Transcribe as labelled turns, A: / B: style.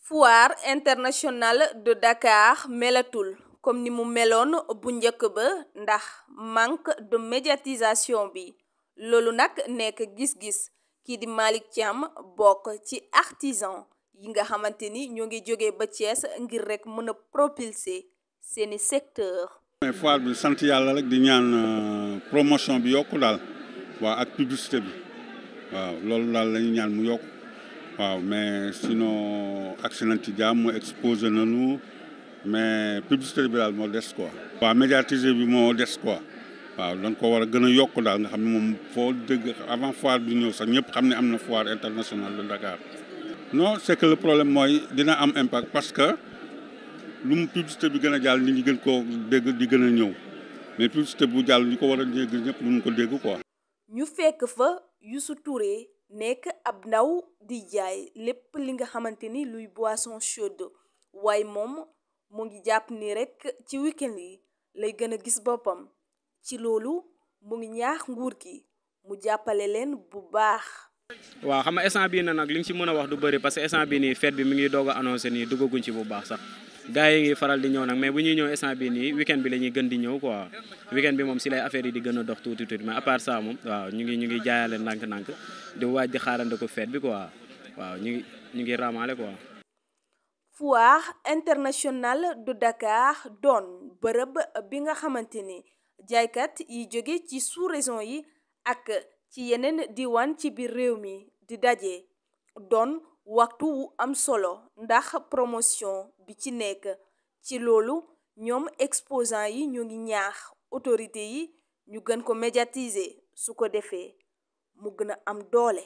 A: foire internationale de Dakar melatul comme ni mu meloon bu njëkk ba ndax manque de médiatisation bi loolu nag nekk gis-gis kii di Malick Thiam bokk ci artisan yi nga xamante ni ñoo ngi jógee ba Thiès ngir rek mën a propulser seeni secteur
B: mais foire bi sant yàlla rek di ñaan euh, promotion bi yokku daal waaw ak publicité bi waaw loolu daal la ñaan mu yokk waaw mais sinon accident ci jàmm mu exposé nu mais publicité bi daal moo des quoi. waaw médiatiser bi moo des quoi waaw dañ ko war a gën a yokk daal nga xam ne moom foo dégg avant foire bi ñëw sax ñëpp xam ne am na foire internationale de Dakar. non c'est que le problème mooy dina am impact parce que lu mu publicité bi gën a jàll ni ñu gën ko dégg di gën a ñëw mais publicité bu jàll ñu ko war a dégg ñëpp duñ ko dégg quoi.
A: ñu fekk fa yu su tuuree nekk ab ndaw di jaay lépp li nga xamante ni luy boisson chaude waaye moom mu ngi jàpp ni rek ci weekend yi lay gën a gis boppam ci loolu mu ngi ñaax nguur gi mu jàppale leen bu baax.
C: waaw xam nga instant bii na nag li nga ci mën a wax du bëri parce que nii fête bi mu ngi doog a annoncé nii duggaguñ ci bu baax sax. gars yi ngi faral di ñëw nag mais bu ñuy ñëw instant bi nii weekend bi la ñuy gën di ñëw quoi weekend bi moom si lay affaire yi di gën a dox tuuti tuuti mais à part ça moom waaw ñu ngi ñu ngi jaayale ndànk-ndànk di waaj di ko fête bi quoi waaw ñu ngi ñu ngi raamaale quoi.
A: foire internationale du Dakar doon bërëb bi nga xamante ni jaaykat yi jóge ci sous-région yi ak ci yeneen diwaan ci biir réew mi di daje doon. waxtu wu am solo ndax promotion bi ci nekk ci loolu ñoom exposants yi ñu ngi ñaax autorité yi ñu gën ko médiatisé su ko defee mu gën a am doole.